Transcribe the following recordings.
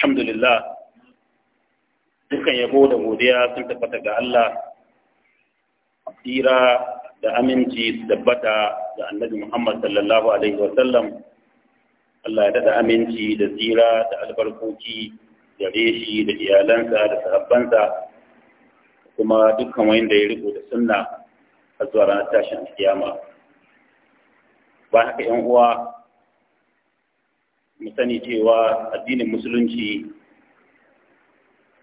alhamdulillah dukan yabo da godiya sun tabbata ga Allah tsira da aminci su tabbata ga annabi Muhammad sallallahu alaihi wasallam Allah ya dada aminci da tsira da albarkoki da reshi da iyalansa da sahabbansa kuma dukkan da ya riko da sunna a zuwa ranar tashin kiyama ba haka yan uwa mu sani cewa addinin musulunci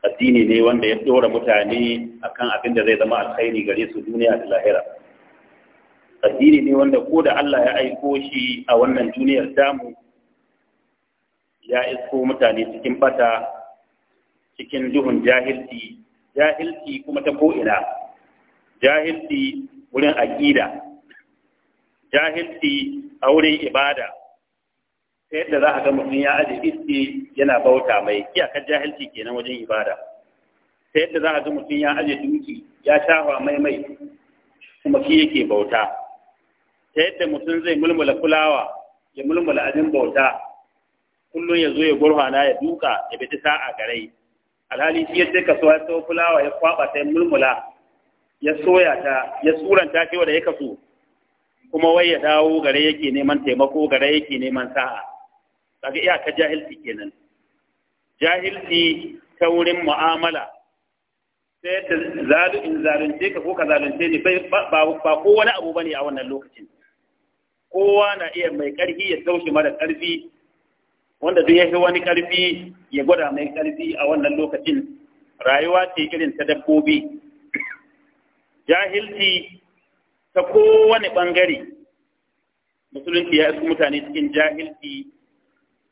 addini ne wanda ya dora mutane akan abin da zai zama alkhairi gare su duniya da lahira addini ne wanda ko da Allah ya aiko shi a wannan duniyar damu ya isko mutane cikin bata cikin duhun jahilci jahilci kuma ta ko'ina jahilci wurin aƙida jahilci a wurin ibada ta yadda za a ga mutum ya aje iske yana bauta mai iyakar jahilci kenan wajen ibada ta yadda za a ga mutum ya aje duki ya shafa mai mai kuma shi yake bauta ta yadda mutum zai mulmula fulawa ya mulmula abin bauta kullum ya zo ya gurfana ya duka ya bi sa'a garai alhali shi yadda ka soya ya so fulawa ya kwaba ta mulmula ya soya ta ya suranta ta wanda ya kaso kuma wai ya dawo gare yake neman taimako gare yake neman sa'a kaga iyaka jahilci kenan jahilci ta wurin mu'amala sai ta zalu in zalunce ka ko ka zalunce ni ba ko wani abu bane a wannan lokacin kowa na iya mai karfi ya saushi mara karfi wanda duk ya wani karfi ya gwada mai karfi a wannan lokacin rayuwa ce irin ta dabbobi jahilci ta kowane bangare musulunci ya isu mutane cikin jahilci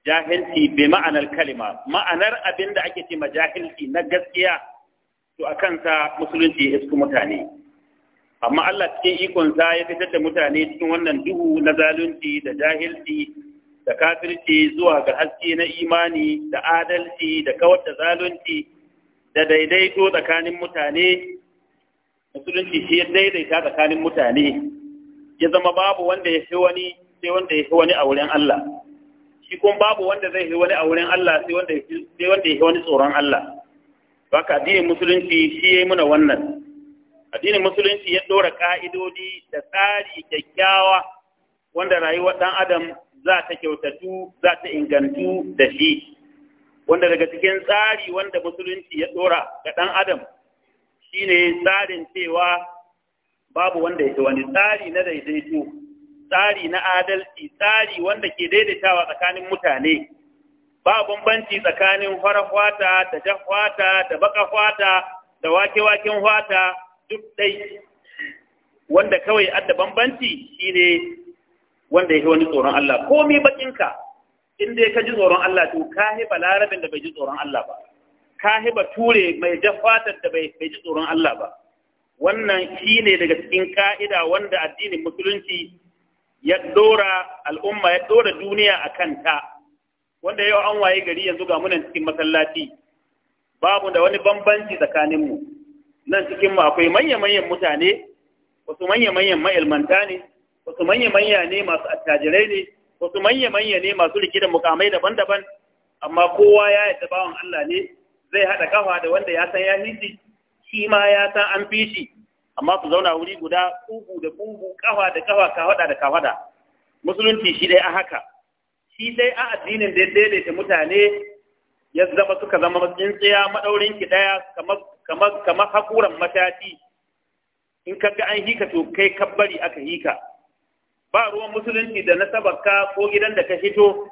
jahilci bi ma'anar kalima ma'anar abin da ake ce ma jahilci na gaskiya to a sa musulunci ya isku mutane amma Allah cikin ikonsa ya fitar da mutane cikin wannan duhu na zalunci da jahilci da kafirci zuwa ga haske na imani da adalci da kawar da zalunci da daidaito tsakanin mutane musulunci shi ya daidaita tsakanin mutane ya zama babu wanda ya fi wani sai wanda ya fi wani a wurin Allah shi kuma babu wanda zai yi wani a wurin Allah sai wanda ya yi wani tsoron Allah baka addinin musulunci shi ya yi muna wannan addinin musulunci ya ɗora ƙa'idodi da tsari kyakkyawa wanda rayuwar ɗan adam za ta kyautatu za ta ingantu da shi wanda daga cikin tsari wanda musulunci ya ɗora ga ɗan adam shine tsarin cewa babu wanda ya yi wani tsari na daidaito tsari na adalci tsari wanda ke daidaitawa tsakanin mutane ba bambanci tsakanin farar da jan da baka da wake-waken hwata duk dai wanda kawai adda bambanci shine wanda yake wani tsoron Allah komai bakinka in dai ka ji tsoron Allah to ka hiba larabin da bai ji tsoron Allah ba ka hiba ture mai jan fatar da bai ji tsoron Allah ba wannan shine daga cikin ka'ida wanda addinin musulunci ya dora al'umma ya dora duniya a ta wanda yau an waye gari yanzu ga munan cikin masallaci babu da wani bambanci tsakaninmu nan cikin mu akwai manya-manyan mutane wasu manya-manyan ma'ilmanta ne wasu manya-manya ne masu attajirai ne wasu manya-manya ne masu rike da mukamai daban-daban amma kowa ya yi bawan Allah ne zai haɗa kafa da wanda ya san ya hiji shi ma ya san an fi shi amma ku zauna wuri guda kugu da ƙugu kawa da ka kawada da kawada musulunci shi dai a haka shi dai a addinin da ya daidaita mutane ya zama suka zama matsayin tsaya ki ɗaya kamar kamar kamar hakuran matati in ga an hika to kai kabbari aka hika ba ruwan musulunci da nasabarka ko gidan da ka fito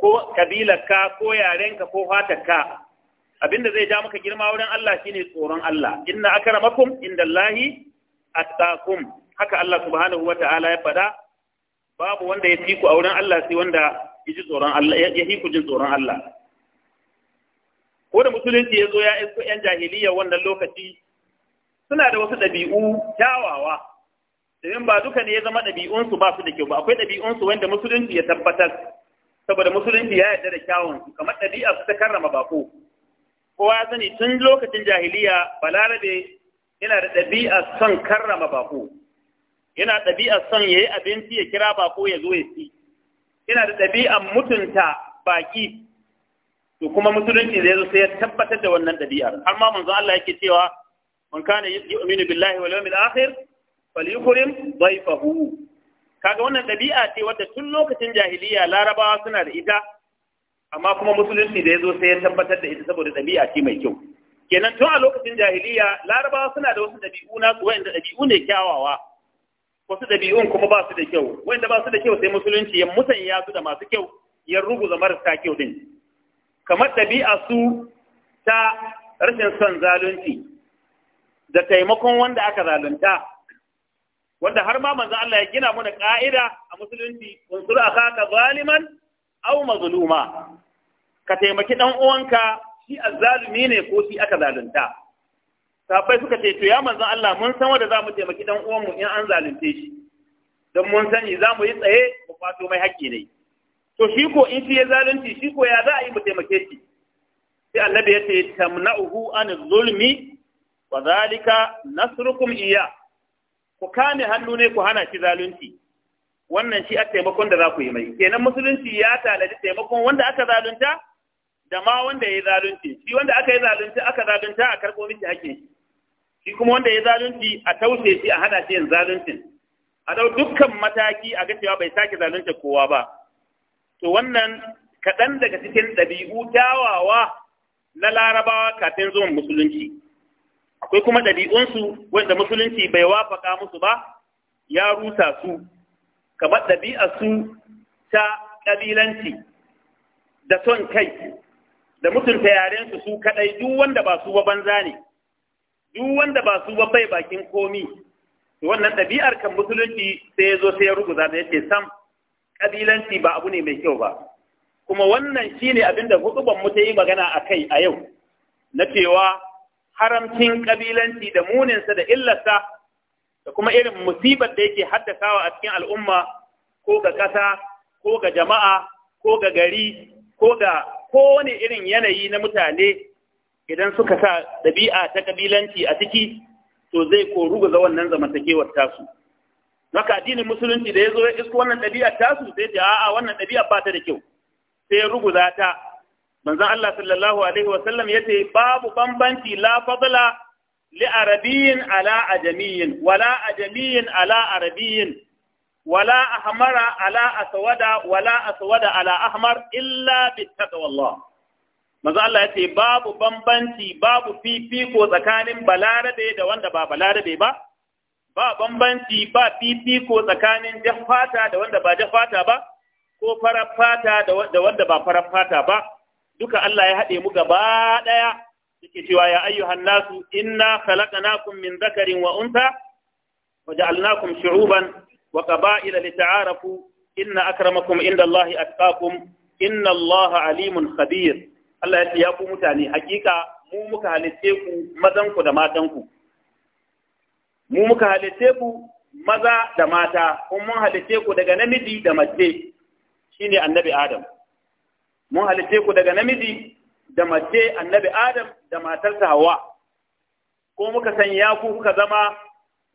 ko kabilarka ko yarenka ko fatarka abinda zai ja maka girma wurin Allah shine tsoron Allah inna akramakum indallahi attaqum haka Allah subhanahu wata'ala ya fada babu wanda ya fiku a wurin Allah sai wanda yaji tsoron Allah ya fiku jin tsoron Allah ko da musulunci ya zo ya isko yan jahiliya wannan lokaci suna da wasu ɗabi'u kyawawa domin ba duka ne ya zama ɗabi'unsu ba su da kyau ba akwai su wanda musulunci ya tabbatar saboda musulunci ya yarda da kyawun kamar ɗabi'a su ta karrama bako kowa ya sani tun lokacin jahiliya balarabe yana da ɗabi'a son karrama bako yana ɗabi'a son ya yi abinci ya kira bako ya zo ya ci yana da ɗabi'a mutunta baki to kuma musulunci zai zo sai ya tabbatar da wannan ɗabi'ar har ma manzo Allah yake cewa man kana yu'minu billahi wal yawmil akhir falyukrim Ka kaga wannan ɗabi'a ce wadda tun lokacin jahiliya larabawa suna da ita amma kuma musulunci da ya zo sai ya tabbatar da ita saboda ɗabi'a ce mai kyau kenan tun a lokacin jahiliya larabawa suna da wasu ɗabi'u na su wa'inda ɗabi'u ne kyawawa wasu ɗabi'un kuma ba su da kyau wa'inda ba su da kyau sai musulunci ya musanya su da masu kyau ya ruguza marasa kyau din kamar ɗabi'a su ta rashin son zalunci da taimakon wanda aka zalunta wanda har ma manzo Allah ya gina mana ƙa'ida a musulunci aka akaka zaliman aw mazluma ka taimaki dan uwanka shi azzalumi ne ko shi aka zalunta sabai suka ce to ya manzon Allah mun san wanda mu taimaki dan mu in an zalunce shi dan mun sani zamu yi tsaye mu fato mai haƙƙi ne to shi ko in shi ya zalunci shi ko ya za a yi mu taimake shi sai annabi ya ce tamna'uhu an zulmi wa zalika nasrukum iya ku kame hannu ne ku hana shi zalunci wannan shi a taimakon da za ku yi mai kenan musulunci ya tanaji taimakon wanda aka zalunta da ma wanda ya zalunci shi wanda aka yi zalunci aka zalunta a karɓo miki hakkin shi kuma wanda ya zalunci a taushe shi a hada shi yin zaluncin a dau dukkan mataki a ga cewa bai sake zalunta kowa ba to wannan kaɗan daga cikin ɗabi'u dawawa na larabawa kafin zuwan musulunci akwai kuma ɗabi'unsu wanda musulunci bai wafaka musu ba ya rusa su kamar ɗabi'a su ta ƙabilanci da son kai da mutunta yarensu su su kaɗai duk wanda ba su ba banza ne duk wanda ba su ba bai bakin komi to wannan ɗabi'ar kan musulunci sai ya zo sai ya ruguza da yace sam ƙabilanci ba abu ne mai kyau ba kuma wannan shine abin da hudubar mu ta yi magana a kai a yau na cewa haramcin ƙabilanci da muninsa da illarsa da kuma irin musibar da yake haddasawa a cikin al'umma ko ga ƙasa ko ga jama'a ko ga gari ko ga kowane irin yanayi na mutane idan suka sa ɗabi'a ta ƙabilanci a ciki to zai koru ga wannan zamantakewar tasu Maka addinin musulunci da ya zo ya isko wannan ɗabi'a tasu sai ce a'a wannan ɗabi'a ba ta da kyau sai ya ruguza ta manzon Allah sallallahu alaihi wa sallam yace babu bambanci la fadla لعربي على أجمي ولا أجمي على عربي ولا أحمر على أسود ولا أسود على أحمر إلا بالتقوى الله maza Allah ya ce babu bambanci babu fifiko tsakanin balarabe da wanda ba balarabe ba ba bambanci ba fifiko tsakanin jafata da wanda ba jafata ba ko farar fata da wanda ba farar fata ba duka Allah ya haɗe mu gaba ɗaya yake cewa ya ayyuhan nasu inna khalaqnakum min dhakarin wa unta wa ja'alnakum shu'uban wa qaba'ila lita'arafu inna akramakum inda Allah atqakum inna Allah alimun khabir Allah ya ce ya ku mutane hakika mu muka halitte ku mazan ku da matan ku mu muka halitte ku maza da mata kun mun halitte ku daga namiji da mace shine annabi Adam mun halitte ku daga namiji da mace annabi Adam da matarsa Hawa ko muka sanya ku kuka zama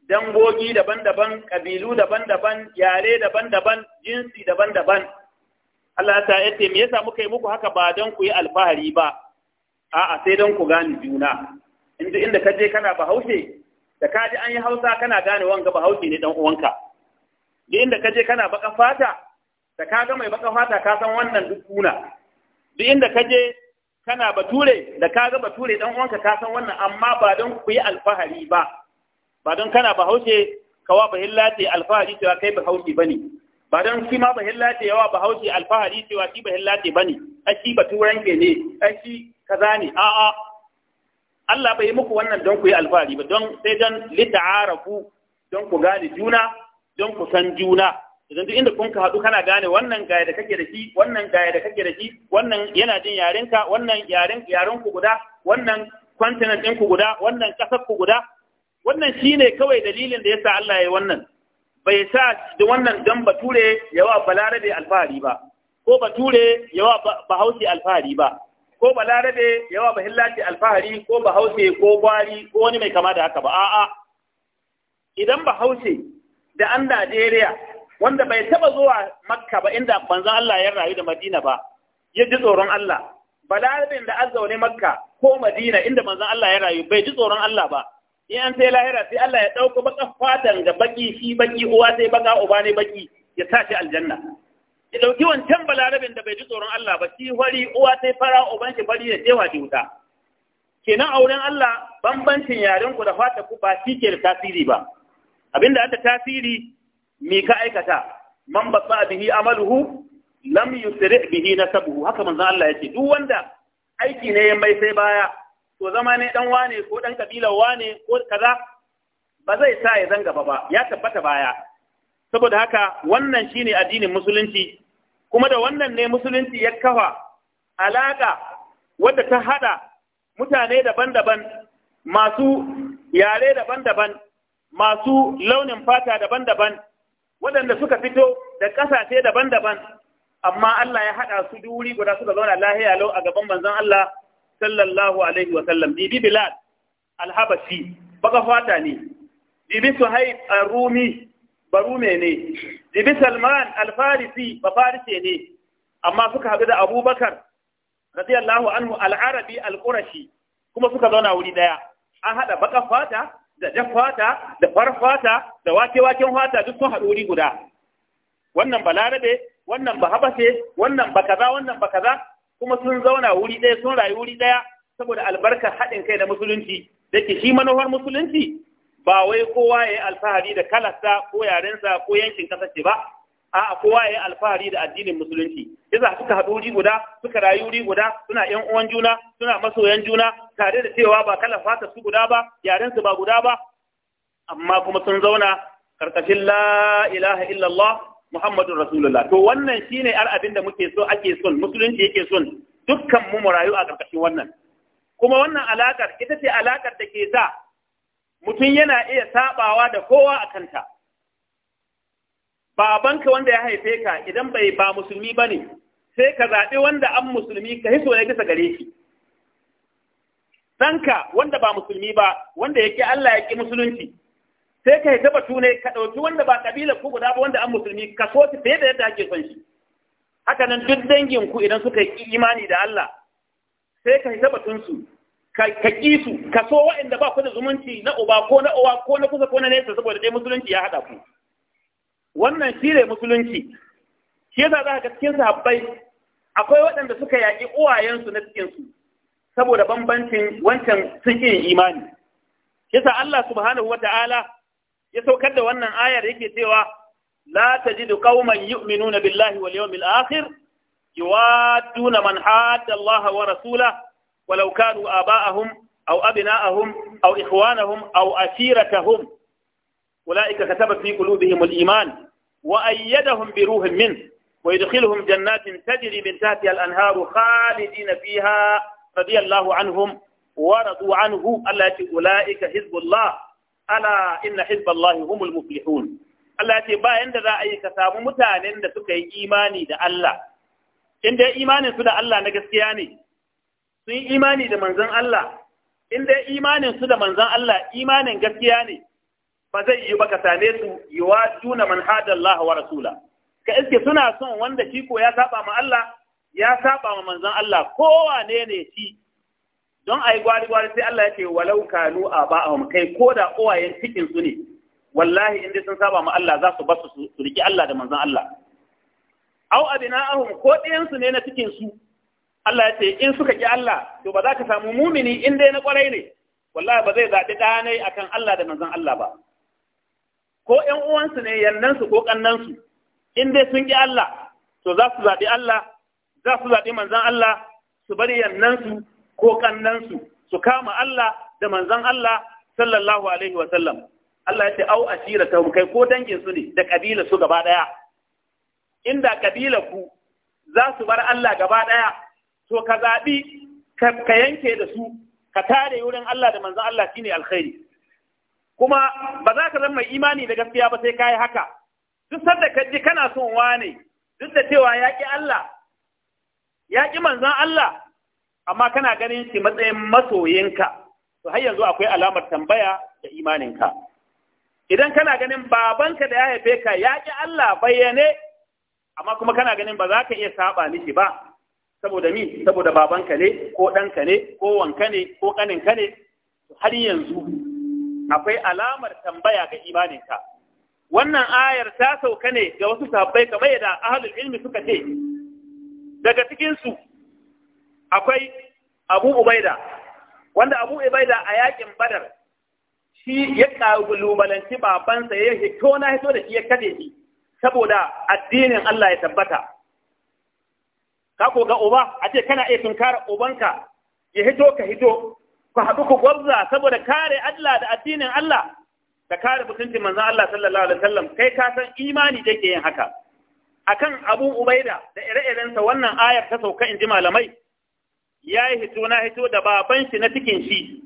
dangogi daban-daban kabilu daban-daban yare daban-daban jinsi daban-daban Allah ta yace me yasa muka yi muku haka ba don ku yi alfahari ba a'a sai don ku gane juna inda inda ka je kana bahaushe da ka ji an yi hausa kana gane wanga bahaushe ne dan uwanka da inda ka je kana baka fata da ka ga mai baka fata ka san wannan duk kuna duk inda ka je kana bature da ka ga bature dan uwanka ka san wannan amma ba don ku yi alfahari ba ba don kana haushe kawa bahilla ce alfahari cewa kai haushe bane ba don shi ma bahilla ce yawa haushe alfahari cewa shi bahilla ce bane a shi baturan ke ne a shi kaza ne a a Allah bai yi muku wannan don ku yi alfahari ba don sai don lita'arafu don ku gane juna don ku san juna idan duk inda kun ka haɗu kana gane wannan gaya da kake da shi wannan gaya da kake da shi wannan yana jin yarinka, wannan yaren yaren ku guda wannan continent ɗin ku guda wannan ƙasar ku guda wannan shine kawai dalilin da yasa Allah ya yi wannan bai sa da wannan dan bature yawa balarabe alfahari ba ko bature yawa bahaushe alfahari ba ko balarabe yawa bahillaci alfahari ko bahaushe ko gwari ko wani mai kama da haka ba a'a idan bahaushe da an Najeriya wanda bai taba zuwa makka ba inda manzon Allah ya rayu da madina ba ya ji tsoron Allah balarabin da azzaune makka ko madina inda manzon Allah ya rayu bai ji tsoron Allah ba in an sai lahira sai Allah ya dauko baka fatan ga baki shi baki uwa sai baka uba ne baki ya tashi aljanna ya dauki wancan balarabin da bai ji tsoron Allah ba shi fari uwa sai fara uban shi fari ne sai wuta kenan auren Allah bambancin yaren ku da fata ku ba shi ke da tasiri ba abinda aka tasiri me ka aikata man batsa bihi amaluhu lam yusri bihi nasabuhu haka manzo Allah yake duk wanda aiki ne ya mai sai baya to zama ne dan wane ko dan kabila wane ko kaza ba zai sa ya zanga ba ya tabbata baya saboda haka wannan shine addinin musulunci kuma da wannan ne musulunci ya kafa alaka wadda ta hada mutane daban-daban masu yare daban-daban masu launin fata daban-daban waɗanda suka fito da ƙasashe daban-daban amma Allah ya haɗa su duri guda suka zauna lahiya lau a gaban manzon Allah sallallahu alaihi wa sallam bibi Bilal alhabasi baka fata ne bibi Suhaib al-Rumi barume ne bibi Salman alfarisi farisi bafarise ne amma suka haɗu da Abubakar radiyallahu anhu al-Arabi al-Qurashi kuma suka zauna wuri daya an haɗa baka fata da jan fata da far fata da wake-waken fata duk sun haɗu wuri guda wannan ba larabe wannan ba habashe wannan ba kaza wannan ba kaza kuma sun zauna wuri ɗaya sun rayu wuri ɗaya saboda albarkar haɗin kai da musulunci da ke shi manufar musulunci ba wai kowa ya yi alfahari da kalarsa ko yarensa ko yankin ƙasashe ba a'a kowa ya yi alfahari da addinin musulunci yasa suka haɗu wuri guda suka rayu wuri guda suna ƴan uwan juna suna masoyan juna tare da cewa ba kala fata su guda ba yarensu ba guda ba amma kuma sun zauna karkashin la ilaha illallah muhammadun rasulullah to wannan shine ar abin da muke so ake son musulunci yake son dukkan mu a karkashin wannan kuma wannan alakar ita ce alakar da ke sa mutum yana iya sabawa da kowa a kanta babanka wanda ya haife ka idan bai ba musulmi ba ne sai ka zaɓi wanda an musulmi ka hiso ne bisa gare shi Sanka wanda ba musulmi ba wanda yake Allah ya ki musulunci sai ka hita batu ka ɗauki wanda ba ƙabila ku guda ba wanda an musulmi ka so shi fiye da yadda ake son shi haka nan duk dangin ku idan suka yi imani da Allah sai ka hita batun su ka ƙi su ka so waɗanda ba ku da zumunci na uba ko na uwa ko na kusa ko na nesa saboda dai musulunci ya hada ku wannan shi ne musulunci shi yasa za ka cikin sahabbai akwai waɗanda suka yaƙi uwayensu na cikinsu saboda bambancin wancan sun imani shi yasa Allah subhanahu wa ta'ala ya saukar da wannan ayar yake cewa la tajidu qauman yu'minuna billahi wal yawmil akhir yuwadduna man hadda Allah wa rasula walau kanu aba'ahum aw abna'ahum aw ikhwanahum aw ashiratahum أولئك كتب في قلوبهم الإيمان وأيدهم بروح منه ويدخلهم جنات تجري من تحتها الأنهار خالدين فيها رضي الله عنهم ورضوا عنه التي أولئك حزب الله ألا إن حزب الله هم المفلحون التي با عند رأيك سامو متانين da suka yi imani da Allah in dai imanin su da Allah na gaskiya ne sun yi imani da manzon Allah in dai imanin su da manzon Allah imanin gaskiya ne ba zai yi ba ka same su yuwaduna man hada Allah wa rasula ka iske suna son wanda shi ko ya saba ma Allah ya saba ma manzon Allah kowane ne shi don ai gwari gwari sai Allah ya ce walau kanu aba'ahum kai koda uwayen cikin su ne wallahi in dai sun saba ma Allah za su basu su riki Allah da manzon Allah au abina'ahum ko ɗayan su ne na cikin su Allah ya ce in suka ki Allah to ba za ka samu mumini in dai na kwarai ne wallahi ba zai zaɓi ɗanai akan Allah da manzon Allah ba ko ƴan uwansu ne yannansu ko ƙannansu, in dai sun ƙi Allah to za su zaɓi Allah za su zaɓi manzan Allah su bari yannansu ko ƙannansu, su kama Allah da manzan Allah sallallahu alaihi wa Allah ya ce au ashira ta kai ko dangin su ne da ƙabila su gaba ɗaya. inda ƙabila ku za su bar Allah gaba ɗaya, to ka zaɓi ka yanke da su ka tare wurin Allah da manzan Allah ne alkhairi kuma ba za ka zama mai imani da gaskiya ba sai ka yi haka duk sanda ka ji kana son wane duk da cewa ya ƙi Allah ya ƙi manzon Allah amma kana ganin shi matsayin masoyinka to har yanzu akwai alamar tambaya da imaninka idan kana ganin babanka da ya haife ka ya ƙi Allah bayyane amma kuma kana ganin ba za ka iya saba mishi ba saboda mi saboda babanka ne ko ɗanka ne ko wanka ne ko ƙaninka ne har yanzu akwai alamar tambaya ga imaninka wannan ayar ta sauka ne ga wasu sahabbai kamar yadda ahlul ilmi suka ce daga cikinsu akwai Abu Ubaida wanda Abu Ubaida a yakin Badar shi ya kalubalanci babansa ya hito na hito da shi ya kade shi saboda addinin Allah ya tabbata ka ko ga uba a ce kana iya tunkara ubanka ya hito ka hito ku haɗu ku gwabza saboda kare Allah da addinin Allah da kare mutuncin manzan Allah sallallahu alaihi wasallam kai ka san imani da ke yin haka akan Abu Ubaida da ire-irensa wannan ayar ta sauka inji malamai ya yi hito na hito da baban shi na cikin shi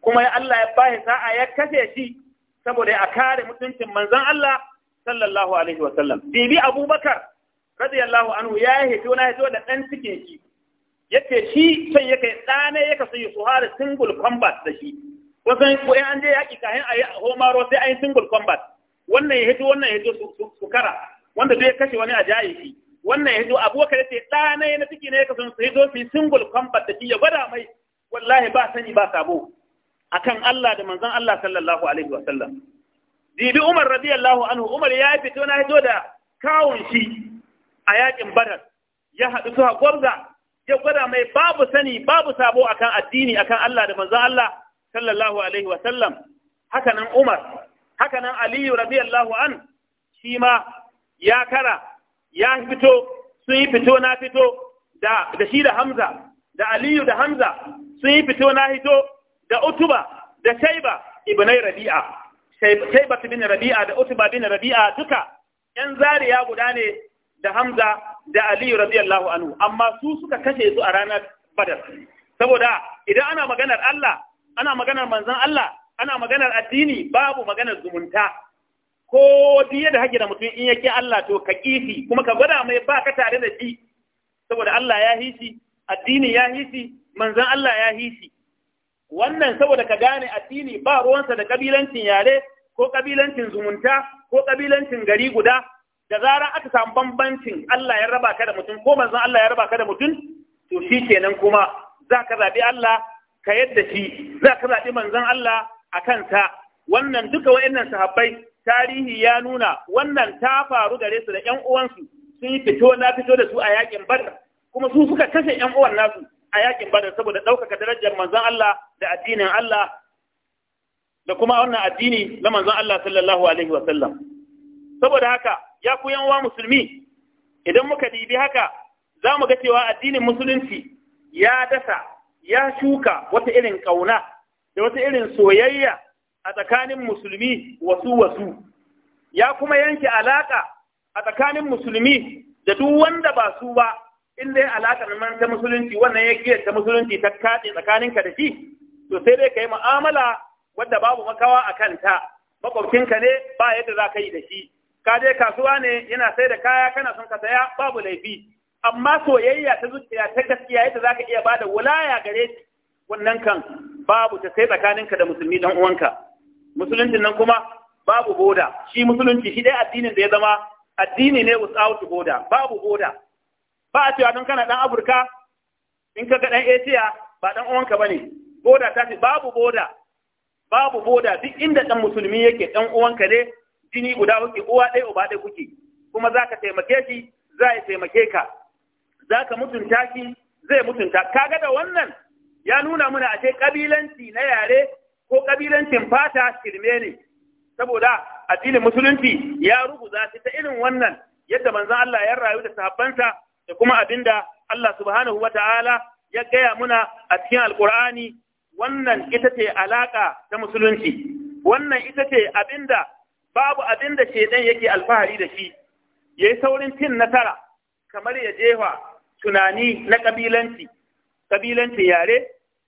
kuma ya Allah ya bashi sa'a ya kashe shi saboda a kare mutuncin manzan Allah sallallahu alaihi wasallam bibi Abubakar radiyallahu anhu ya yi hito na hito da ɗan cikin shi yace shi sai yake dane yake sai su har single combat da shi wasan ko an je yaki kahin ayi homaro sai ayi single combat wannan ya hito wannan ya hito su kara wanda zai kashe wani a jaye shi wannan ya hito abubakar yace dane na ciki ne yake sun sai zo su single combat da shi ya gwada mai wallahi ba sani ba sabo akan Allah da manzon Allah sallallahu alaihi wa sallam dibi Umar radiyallahu anhu Umar ya fito na hito da kawun shi a yakin Badar ya haɗu su gwabza ya gwada mai babu sani babu sabo akan addini akan Allah da manzon Allah sallallahu alaihi wa sallam haka Umar hakanan nan Ali radiyallahu an shi ma ya kara ya fito sun yi fito na fito da da shi da Hamza da Aliyu da Hamza sun yi fito na hito da Utuba da Shaiba ibnai Rabi'a Shaiba bin Rabi'a da Utuba bin Rabi'a duka ‘yan zariya guda ne da Hamza da Aliyu radiyallahu anhu amma su suka kashe su a ranar Badar saboda idan ana maganar Allah ana maganar manzon Allah ana maganar addini babu maganar zumunta ko diye da haƙi da mutum in yake Allah to ka kifi kuma ka gwada mai ba ka tare da shi saboda Allah ya hisi, addini ya hishi manzon Allah ya hisi. wannan saboda ka gane addini ba ruwansa da kabilancin yare ko kabilancin zumunta ko kabilancin gari guda da zarar aka samu bambancin Allah ya raba ka da mutum ko manzon Allah ya raba ka da mutum to shi kenan kuma za ka zaɓi Allah ka yadda shi za ka zaɓi manzon Allah a kanta. wannan duka wa'annan sahabbai tarihi ya nuna wannan ta faru gare su da ƴan uwansu sun yi fito na fito da su a yakin badar kuma su suka kashe ƴan uwan nasu a yakin badar saboda ɗaukaka darajar manzon Allah da addinin Allah da kuma wannan addini na manzon Allah sallallahu alaihi wa sallam saboda haka ya ku yan musulmi idan muka dibi haka za mu ga cewa addinin musulunci ya dasa ya shuka wata irin ƙauna da wata irin soyayya a tsakanin musulmi wasu wasu ya kuma yanke alaƙa a tsakanin musulmi da duk wanda ba su ba in dai alaƙar man ta musulunci wannan ya ta musulunci ta kaɗe tsakaninka da shi to sai dai ka yi mu'amala wadda babu makawa a kanta makwabcinka ne ba yadda za ka yi da shi ka je kasuwa ne yana sai da kaya kana son ka saya babu laifi amma soyayya ta zuciya ta gaskiya yadda zaka iya bada wulaya gare shi wannan kan babu ta sai tsakaninka da musulmi dan uwanka musulunci nan kuma babu boda shi musulunci shi dai addinin da ya zama addini ne without boda babu boda ba a cewa don kana dan Afirka in ka ga dan Asia ba dan uwanka bane boda ta ce babu boda babu boda duk inda dan musulmi yake dan uwanka ne jini guda kuke uwa ɗaya uba ɗaya kuke kuma za ka taimake shi za ya taimake ka za ka mutunta shi zai mutunta kaga da wannan ya nuna mana ce kabilanci na yare ko kabilancin fata shirme ne saboda addinin musulunci ya rubuta shi ta irin wannan yadda manzon Allah ya rayu da sahabbansa da kuma abinda Allah subhanahu wata'ala ya gaya muna a cikin alkur'ani wannan ita ce alaka ta musulunci wannan ita ce abinda babu abin da shedan yake alfahari da shi yayi saurin cin nasara kamar ya jefa tunani na kabilanci kabilancin yare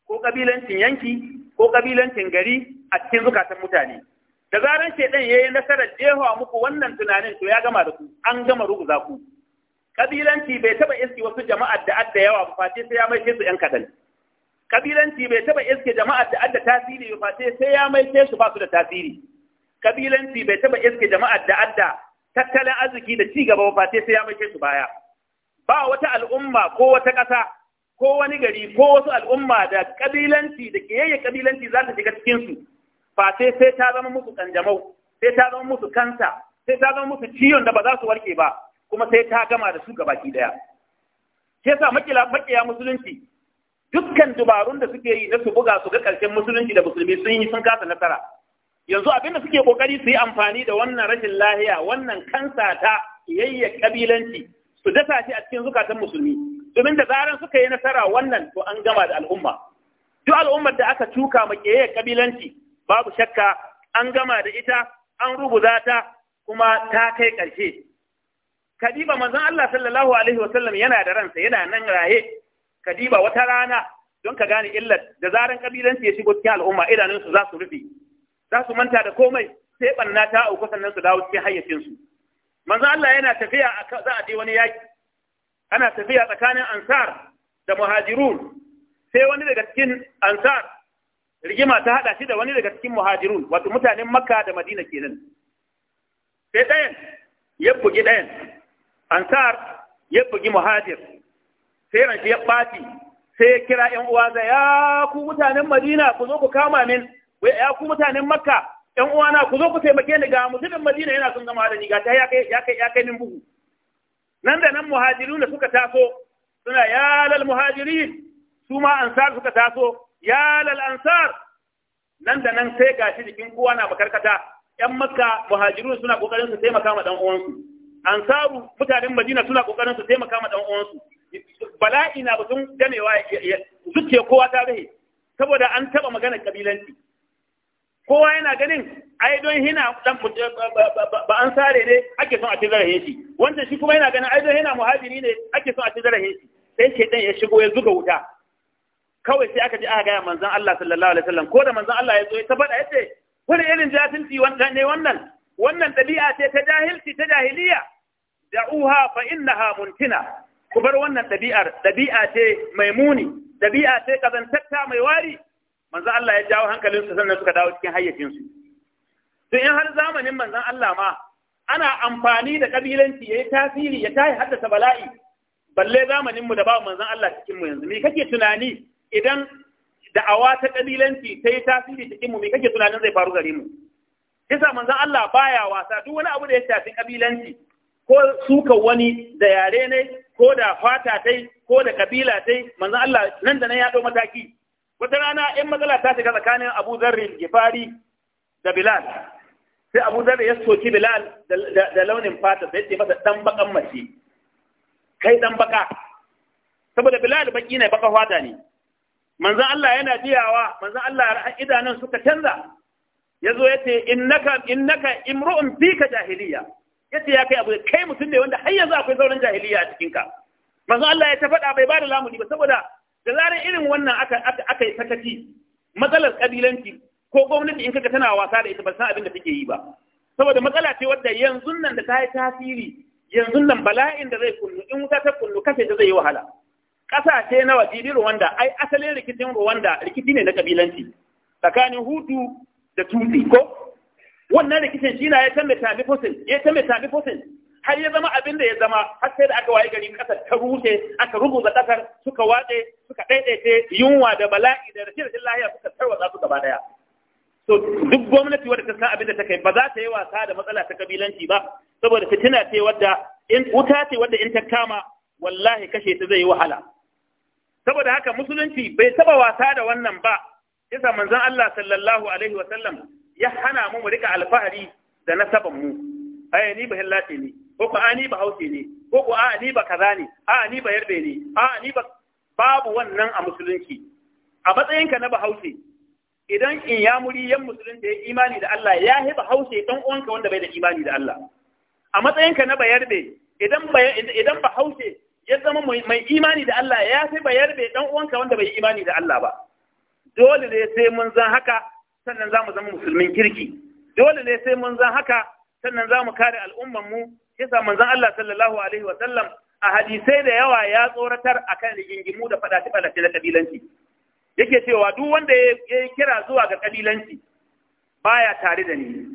ko kabilancin yanki ko kabilancin gari a cikin zukatan mutane da zaran shedan yayi nasarar jefa muku wannan tunanin to ya gama da ku an gama ruguza ku kabilanci bai taba iske wasu jama'ar da adda yawa ba face sai ya maishe su yan kadan kabilanci bai taba iske jama'ar da adda tasiri ba face sai ya maishe su ba su da tasiri kabilanci bai taba iske jama'ar da adda tattalin arziki da ci gaba ba sai ya mace su baya ba wata al'umma ko wata ƙasa ko wani gari ko wasu al'umma da kabilanci da kiyayya kabilanci za ta shiga cikin su ba sai sai ta zama musu kanjamau sai ta zama musu kansa sai ta zama musu ciwon da ba za su warke ba kuma sai ta gama da su gabaki daya shi yasa makila makiya musulunci dukkan dubarun da suke yi na su buga su ga ƙarshen musulunci da musulmi sun yi sun kasa nasara yanzu abinda suke kokari su yi amfani da wannan rashin lahiya wannan kansa ta yayya kabilanci su dasa shi a cikin zukatan musulmi domin da zaran suka yi nasara wannan to an gama da al'umma duk al'ummar da aka tuka ma yayya kabilanci babu shakka an gama da ita an rubuta ta kuma ta kai ƙarshe kadiba manzon Allah sallallahu alaihi wa sallam yana da ransa yana nan raye kadiba wata rana don ka gane illar da zaran kabilanci ya shigo cikin al'umma idanunsu za su rufe za su manta da komai sai banna ta auku sannan su dawo cikin hayyacinsu manzo Allah yana tafiya za a je wani yaki ana tafiya tsakanin ansar da muhajirun sai wani daga cikin ansar rigima ta haɗa shi da wani daga cikin muhajirun wato mutanen makka da madina kenan sai ɗayan ya bugi ɗayan ansar ya bugi muhajir sai ran shi ya ɓaci sai ya kira 'yan uwa ya ku mutanen madina ku zo ku kama min wai ya ku mutanen makka yan uwana ku zo ku taimake ni ga musulmin madina yana son zama da ni ga ta ya kai ya kai ya kai min bugu nan da nan muhajirun da suka taso suna ya lal muhajirin su ma ansar suka taso ya lal ansar nan da nan sai gashi jikin kowa na makarkata yan makka muhajirun suna kokarin su taimaka ma dan uwansu ansaru mutanen madina suna kokarin su taimaka ma dan uwansu bala'i na batun ganewa zuciya kowa ta rahe saboda an taba maganar kabilanci kowa yana ganin ai don hina dan ba an sare ne ake son a ci zarahin shi wanda shi kuma yana ganin ai don hina muhajiri ne ake son a ci zarahin shi sai shedan ya shigo ya zuga wuta kawai sai aka ji aka gaya manzon Allah sallallahu alaihi wasallam ko da manzon Allah ya zo ya tabbata yace wani irin jahilci wannan ne wannan wannan dabi'a ce ta jahilci ta jahiliya da'uha fa innaha muntina ku bar wannan dabi'ar dabi'a ce mai muni dabi'a ce kazantatta mai wari manzo Allah ya jawo su sannan suka dawo cikin hayyacinsu to in har zamanin manzon Allah ma ana amfani da kabilanci yayi tasiri ya tayi haddasa bala'i balle zamanin mu da babu manzon Allah cikin mu yanzu me kake tunani idan da'awa ta kabilanci ta yi tasiri cikin mu me kake tunanin zai faru gare mu Kisa manzon Allah baya wasa duk wani abu da ya shafi kabilanci ko suka wani da yare ne ko da fata tai ko da kabila tai manzon Allah nan da nan ya mataki wata rana in matsala ta shiga tsakanin Abu Zarri Gifari da Bilal sai Abu Zarri ya soki Bilal da launin fata sai ce masa dan bakan mace kai dan baka saboda Bilal baki ne baka fata ne manzon Allah yana jiyawa manzon Allah idanun suka canza yazo yace innaka innaka imru'un fika jahiliya yace ya kai abu kai mutum ne wanda har yanzu akwai zauren jahiliya a cikin ka manzon Allah ya ta faɗa bai ba da lamuni ba saboda da zarar irin wannan aka aka aka yi sakaci matsalar kabilanci ko gwamnati in kaga tana wasa da ita ba san abin da take yi ba saboda matsala ce wadda yanzu nan da ta yi tasiri yanzu nan bala'in da zai kunnu in wuta ta kunnu kashe ta zai yi wahala ƙasashe na wajiri Rwanda ai asalin rikicin Rwanda rikici ne na kabilanci tsakanin Hutu da Tutsi ko wannan rikicin shi na ya tambe tabi fosil ya tambe tabi fosil har ya zama abin da ya zama har sai da aka waye gari kasar ta rushe aka rubuta kasar suka watse suka daidaice yunwa da bala'i da rashin rashin lahiya suka tarwatsa su gaba daya so duk gwamnati wadda ta san abin da ta kai ba za ta yi wasa da matsala ta kabilanci ba saboda fitina ce wadda in wuta ce wadda in ta kama wallahi kashe ta zai yi wahala saboda haka musulunci bai taba wasa da wannan ba yasa manzon Allah sallallahu alaihi wa sallam ya hana mu mu rika alfahari da nasaban mu ai ni ne ko ko ani ba hausa ne ko ko a ni ba kaza ne a ni ba yarbe ne a ni ba babu wannan a musulunci a matsayinka na bahaushe idan in ya muri yan musulunta ya imani da Allah ya hi bahaushe dan uwanka wanda bai da imani da Allah a matsayinka na bayarbe idan idan bahaushe ya zama mai imani da Allah ya fi bayarbe dan uwanka wanda bai imani da Allah ba dole ne sai mun zan haka sannan za mu zama musulmin kirki dole ne sai mun zan haka sannan za mu kare al'ummar mu kisa manzan manzon Allah sallallahu alaihi wa sallam a hadisai da yawa ya tsoratar akan rigingimu da fadace fadace da kabilanci yake cewa duk wanda ya kira zuwa ga kabilanci baya tare da ni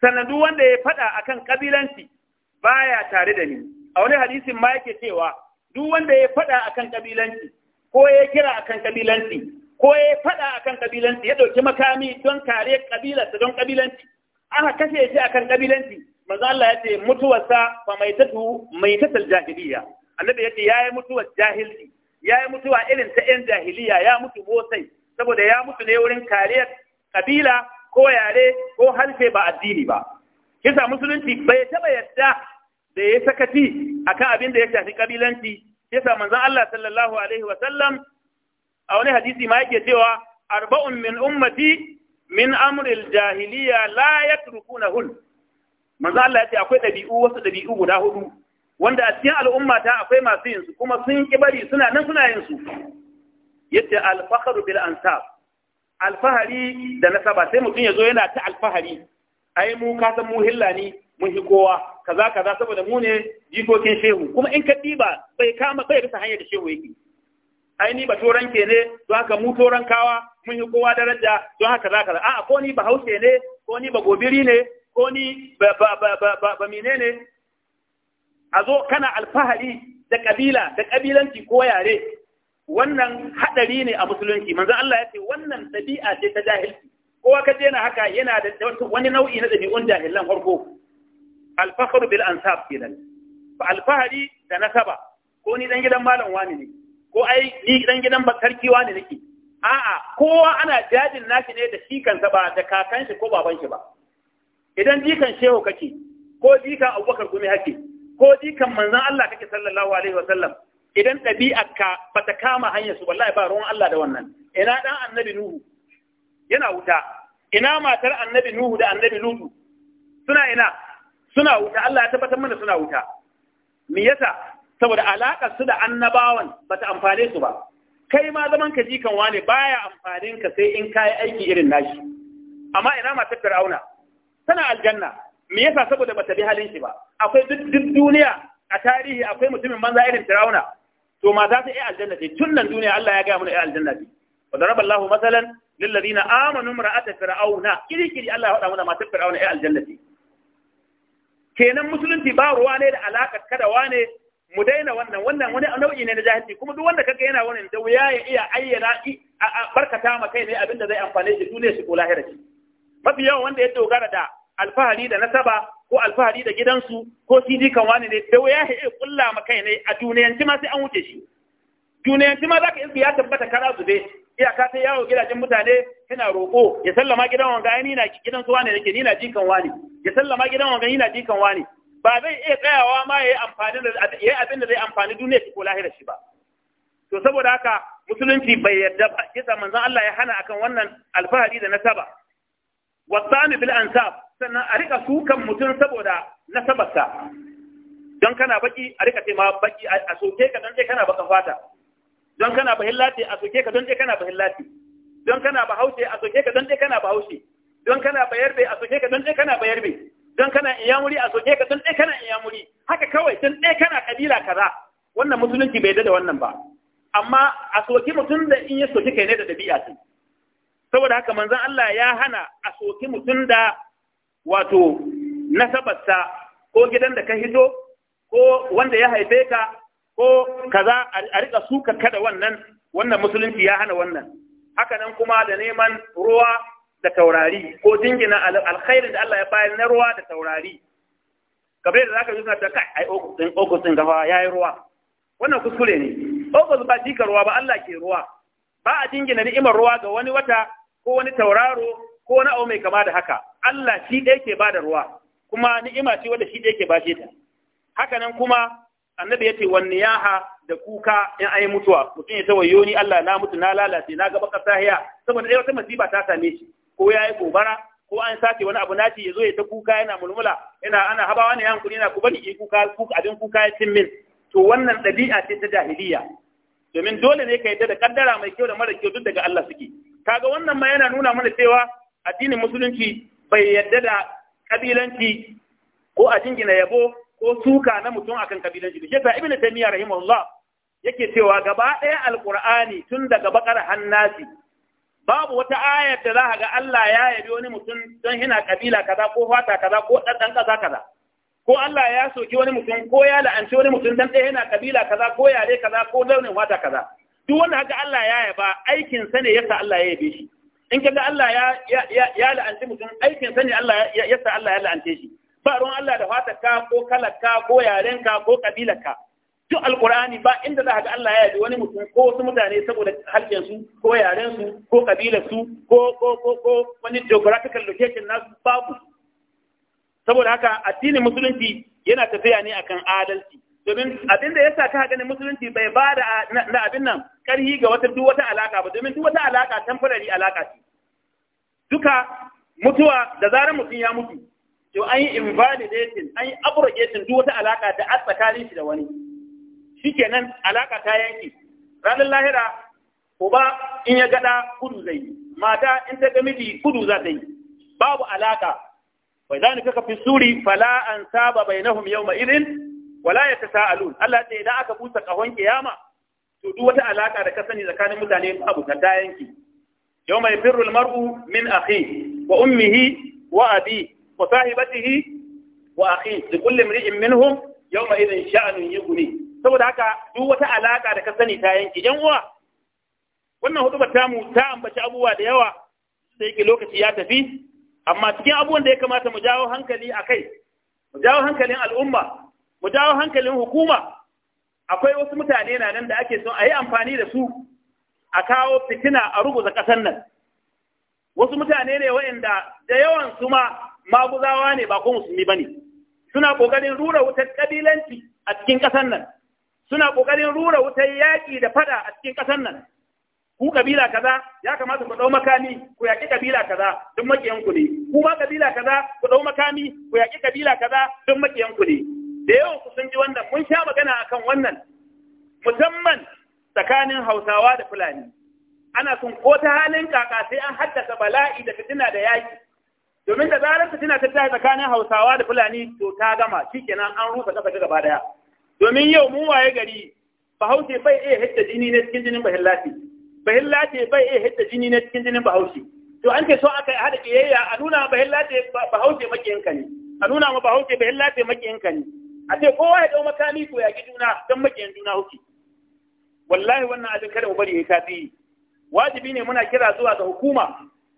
sannan duk wanda ya fada akan kabilanci baya tare da ni a wani hadisin ma yake cewa duk wanda ya fada akan kabilanci ko ya kira akan kabilanci ko ya fada akan kabilanci ya dauki makami don kare kabilarsa don kabilanci aka kashe shi akan kabilanci manzo Allah ya ce mutuwarsa fa maitatu maitatul jahiliya annabi ya yayi mutuwar jahilci yayi mutuwa irin ta yan jahiliya ya mutu motsai saboda ya mutu ne wurin kariyar kabila ko yare ko halfe ba addini ba kisa musulunci bai taba yadda da ya sakaci akan abin da ya shafi kabilanci kisa manzon Allah sallallahu alaihi wa sallam a wani hadisi ma yake cewa arba'un min ummati min amril jahiliya la yatrukunahu hul manzo Allah ya ce akwai ɗabi'u wasu ɗabi'u guda hudu wanda a cikin al'umma ta akwai masu yin su kuma sun ki bari suna nan suna yin su yadda al-fakhru bil ansab alfahari da nasaba sai mutum ya zo yana ta alfahari ai mu ka san mu hilla ni mun hi kowa kaza kaza saboda mu ne jikokin shehu kuma in ka diba bai kama bai rasa hanyar da shehu yake ai ni ba toran ke ne don haka mu toran kawa mun yi kowa daraja don haka kaza a'a ko ni ba hausa ne ko ni ba gobiri ne ko ni ba menene a zo kana alfahari da kabila da kabilanci ko yare wannan hadari ne a musulunci manzo Allah ya ce wannan dabi'a ce ta jahilci kowa ka je na haka yana da wani nau'i na dabi'un jahilan farko alfakhr bil ansab kenan fa alfahari da nasaba ko ni dan gidan malam wani ne ko ai ni dan gidan bakarki wani nake a'a kowa ana jajin nashi ne da shi kansa ba da kakan shi ko baban shi ba idan jikan shehu kake ko jikan abubakar gumi hake ko jikan manzan Allah kake sallallahu alaihi wasallam idan ɗabi'arka ba ta kama hanyar su wallahi ba ruwan Allah da wannan ina dan annabi nuhu yana wuta ina matar annabi nuhu da annabi lutu suna ina suna wuta Allah ya tabbatar mana suna wuta me yasa saboda alaƙar su da annabawan bata ta amfane su ba kai ma zaman ka jikan wane baya amfanin sai in kayi aiki irin nashi amma ina matar fir'auna tana aljanna me yasa saboda bata bi halin shi ba akwai duk duniya a tarihi akwai mutumin banza irin Firauna to mata ta yi aljanna ce tun nan duniya Allah ya gaya mana yi aljanna ce wa daraba Allah masalan lil ladina amanu mar'ata fir'auna kiri Allah ya faɗa mana matar fir'auna yi aljanna ce kenan musulunci ba ruwa ne da alakar kada wane mu daina wannan wannan wani nau'i ne na jahilci kuma duk wanda kaga yana wannan da wuya ya iya ayyana barkata ma kai ne abinda zai amfane shi duniya shi ko lahira shi mafi yawan wanda ya dogara da alfahari da nasaba ko alfahari da gidansu ko CD kan wani ne da ya iya kulla ma kai ne a duniyanci ma sai an wuce shi duniyanci ma zaka iska ya tabbata kana zube ka sai yawo gidajen mutane yana roƙo ya sallama gidan wanga ni na gidan su wani nake ni na jikan wani ya sallama gidan wanga ni na jikan wani ba zai iya tsayawa ma yayi amfani da yayi abin da zai amfani duniya ko lahira shi ba to saboda haka musulunci bai yarda ba kisa manzon Allah ya hana akan wannan alfahari da nasaba wasani bil ansab sannan a rika sukan mutum saboda nasabarsa don kana baki a rika ce ma baki a soke ka don kana baka fata don kana bahillati a soke ka don kana bahillati don kana bahaushe a soke ka don ce kana bahaushe don kana bayarbe a soke ka don ce kana bayarbe don kana iyamuri a soke ka don ce kana iyamuri haka kawai don kana kabila kaza wannan musulunci bai da wannan ba amma a soki mutum da in ya soke kai ne da dabi'a ce saboda haka manzon Allah ya hana a soki mutum da wato nasabarsa ko gidan da ka hito ko wanda ya haife ka ko kaza a rika suka kada wannan wannan musulunci ya hana wannan haka nan kuma da neman ruwa da taurari ko dingina alkhairin da Allah ya bayar na ruwa da taurari kamar yadda zaka yusa ta kai ai ogusin ogusin gafa yayi ruwa wannan kuskure ne ogus ba dika ruwa ba Allah ke ruwa ba a dingina ni'imar ruwa ga wani wata ko wani tauraro ko wani abu mai kama da haka Allah shi ɗaya ke ba da ruwa kuma ni'ima ce wanda shi ɗaya ke bashe ta haka nan kuma annabi ya ce wani yaha da kuka in an yi mutuwa mutum ya ta wayo ni Allah na mutu na lalace na gaba ƙasa haya saboda ɗaya wata masiba ta same shi ko ya yi gobara ko an sace wani abu naci ya zo ya ta kuka yana mulmula yana ana habawa ne hankuri yana ku bani kuka abin kuka ya cin min to wannan ɗabi'a ce ta jahiliya domin dole ne ka yadda da kaddara mai kyau da mara kyau duk daga Allah suke kaga wannan ma yana nuna mana cewa addinin musulunci bai yadda da kabilanci ko a jingina yabo ko suka na mutum akan kabilanci da shekara ibn taymiya rahimahullah yake cewa gaba ɗaya alqur'ani tun daga bakar hannasi babu wata ayar da za ga Allah ya yabi wani mutum don hina kabila kaza ko fata kaza ko ɗan kaza kaza ko Allah ya soki wani mutum ko ya la'anci wani mutum dan ɗaya yana kabila kaza ko yare kaza ko launin wata kaza duk wanda haka Allah ya yaba aikin sa ne yasa Allah ya yabe shi in kaga Allah ya ya la'anci mutum aikin sa ne Allah yasa Allah ya la'ance shi ba ruwan Allah da fatarka ko kalarka ko yarenka ko kabilarka duk alqur'ani ba inda za ga Allah ya yabe wani mutum ko wasu mutane saboda halkin su ko yaren su ko kabilar su ko ko ko ko wani geographical location nasu babu saboda haka addinin musulunci yana tafiya ne akan adalci domin abin da yasa ka ganin musulunci bai ba da na abin nan karhi ga wata duk wata alaka ba domin duk wata alaka temporary alaka ce duka mutuwa da zarar mutum ya mutu to an yi invalidating an yi abrogating duk wata alaka da a tsakanin shi da wani shikenan alaka ta yanke ranar lahira ba in ya gada kudu zai yi mata in ta ga miji kudu za ta yi babu alaka wa idan ka fi suri fala an saba bainahum yawma idin wala ya sa’alun, Allah ce idan aka busa kahon kiyama to duk wata alaka da ka sani tsakanin mutane babu ta ta yanki mai firul mar'u min akhi wa ummihi wa abi wa sahibatihi wa akhi da kulle imri'in minhum irin sha'anun yi yughni saboda haka duk wata alaka da ka sani ta yanki yan uwa wannan ba tamu ta ambaci abubuwa da yawa sai yake lokaci ya tafi amma cikin abubuwan da ya kamata mu jawo hankali a kai mu jawo hankalin al'umma ku dawo hankalin hukuma akwai wasu mutane na nan da ake son a yi amfani da su a kawo fitina a ruguza ƙasar nan wasu mutane ne waɗanda da yawan su ma maguzawa ne ba ko musulmi ba ne suna ƙoƙarin rura wutar ƙabilanci a cikin ƙasar nan suna ƙoƙarin rura wutar yaƙi da fada a cikin ƙasar nan ku kabila kaza ya kamata ku ɗau makami ku yaƙi kabila kaza duk maƙiyanku ne ku ma kabila kaza ku ɗau makami ku yaƙi kabila kaza duk maƙiyanku ne da yawan ku sun ji wannan mun sha magana akan wannan musamman tsakanin hausawa da fulani ana sun ko ta halin kaka sai an haddasa bala'i da fitina da yaki domin da zarar fitina ta tashi tsakanin hausawa da fulani to ta gama shikenan an rusa kasa ta gaba daya domin yau mu waye gari bahaushe bai iya hidda jini ne cikin jinin bahillaci bahillaci bai iya hidda jini ne cikin jinin bahaushe to an ce so aka hada kiyayya a nuna bahillaci bahaushe makiyinka ne a nuna ma bahaushe bahillaci makiyinka ne a ce kowa ya dauma makami ko ya ki juna don makiyan juna hukki wallahi wannan abin kada mu bari ya tafi wajibi ne muna kira zuwa ga hukuma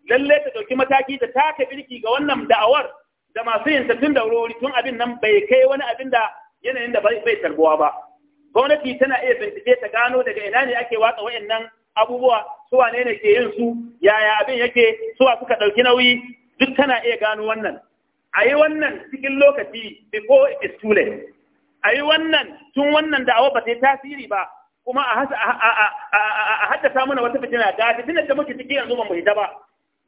lalle ta dauki mataki ta taka birki ga wannan da'awar da masu yin tun da wurori tun abin nan bai kai wani abin da yanayin da bai tarbuwa ba gwamnati tana iya bincike ta gano daga ina ne ake watsa wayannan abubuwa su wane ne ke yin su yaya abin yake suwa suka ɗauki nauyi duk tana iya gano wannan a yi wannan cikin lokaci before it is too late a yi wannan tun wannan da awa ba ta yi tasiri ba kuma a haddasa mana wata fitina da fitinar da muke ciki yanzu ba mu hita ba